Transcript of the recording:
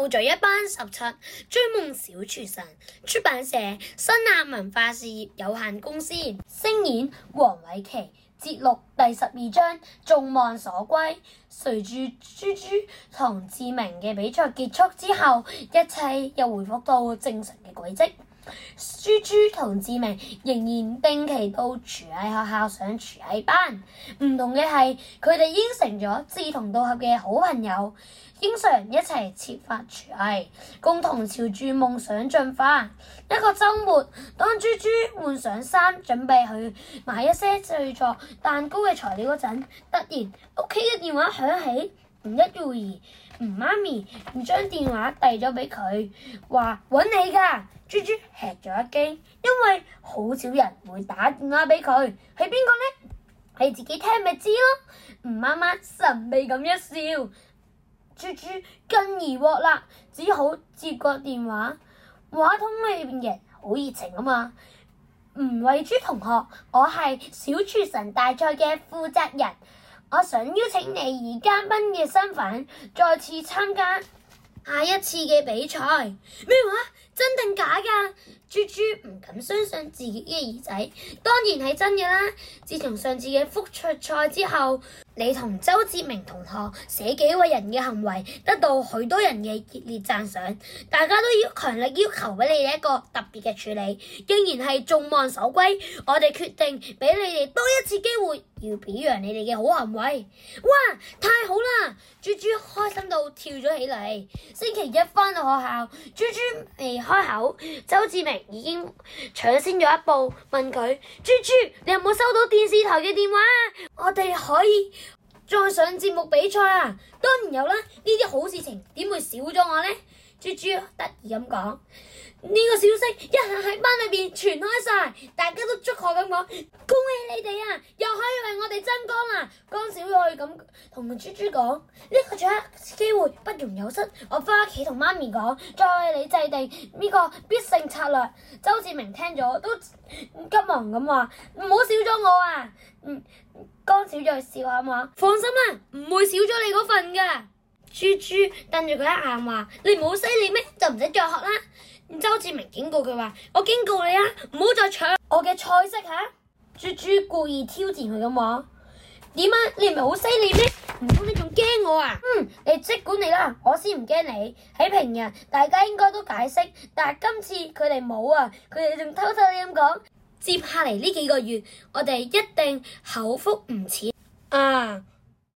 《鬥嘴一班十七追夢小廚神》，出版社：新亞文化事業有限公司，聲演：黃偉祺，節錄第十二章《眾望所歸》。隨住豬豬同志明嘅比賽結束之後，一切又回復到正常嘅軌跡。豬豬同志明仍然定期到廚藝學校上廚藝班，唔同嘅係佢哋應承咗志同道合嘅好朋友，經常一齊設法廚藝，共同朝住夢想進化。一個周末，當豬豬換上衫，準備去買一些製作蛋糕嘅材料嗰陣，突然屋企嘅電話響起。唔一如兒，吳媽咪唔將電話遞咗俾佢，話，揾你㗎。豬豬吃咗一驚，因為好少人會打電話俾佢。係邊個呢？你自己聽咪知咯。吳媽媽神秘咁一笑，豬豬更疑惑啦，只好接個電話。話筒裏邊嘅好熱情啊嘛。吳慧珠同學，我係小廚神大賽嘅負責人，我想邀請你以嘉賓嘅身份再次參加下一次嘅比賽。咩話？真定假噶？豬豬唔敢相信自己嘅耳仔。當然係真嘅啦。自從上次嘅復出賽之後，你同周志明同學捨己為人嘅行為得到許多人嘅熱烈讚賞，大家都要強力要求俾你哋一個特別嘅處理，竟然係眾望所歸，我哋決定俾你哋多一次機會，要表揚你哋嘅好行為。哇，太好啦！豬豬開心到跳咗起嚟。星期一翻到學校，豬豬未開口，周志明已經搶先咗一步問佢：豬豬，你有冇收到電視台嘅電話？我哋可以。再上節目比賽啊！當然有啦，呢啲好事情點會少咗我呢？豬豬得意咁講，呢個消息一下喺班裏邊傳開晒，大家都祝賀咁講，恭喜你哋啊！又可以為我哋爭光啦！江小愛咁同豬豬講，呢個最佳機會不容有失，我翻屋企同媽咪講，再為你制定呢個必勝策略。周志明聽咗都急忙咁話，唔好少咗我啊！嗯當少再少下嘛，放心啦，啊，唔會少咗你嗰份噶。豬豬瞪住佢一眼話：，你唔好犀利咩？就唔使再學啦。周志明警告佢話：，我警告你啊，唔好再搶我嘅菜式吓。豬豬故意挑戰佢咁話：，點啊？你唔係好犀利咩？唔通你仲驚我啊？嗯，你即管嚟啦，我先唔驚你。喺平日大家應該都解釋，但係今次佢哋冇啊，佢哋仲偷偷哋咁講。接下嚟呢幾個月，我哋一定口福唔淺啊！Uh.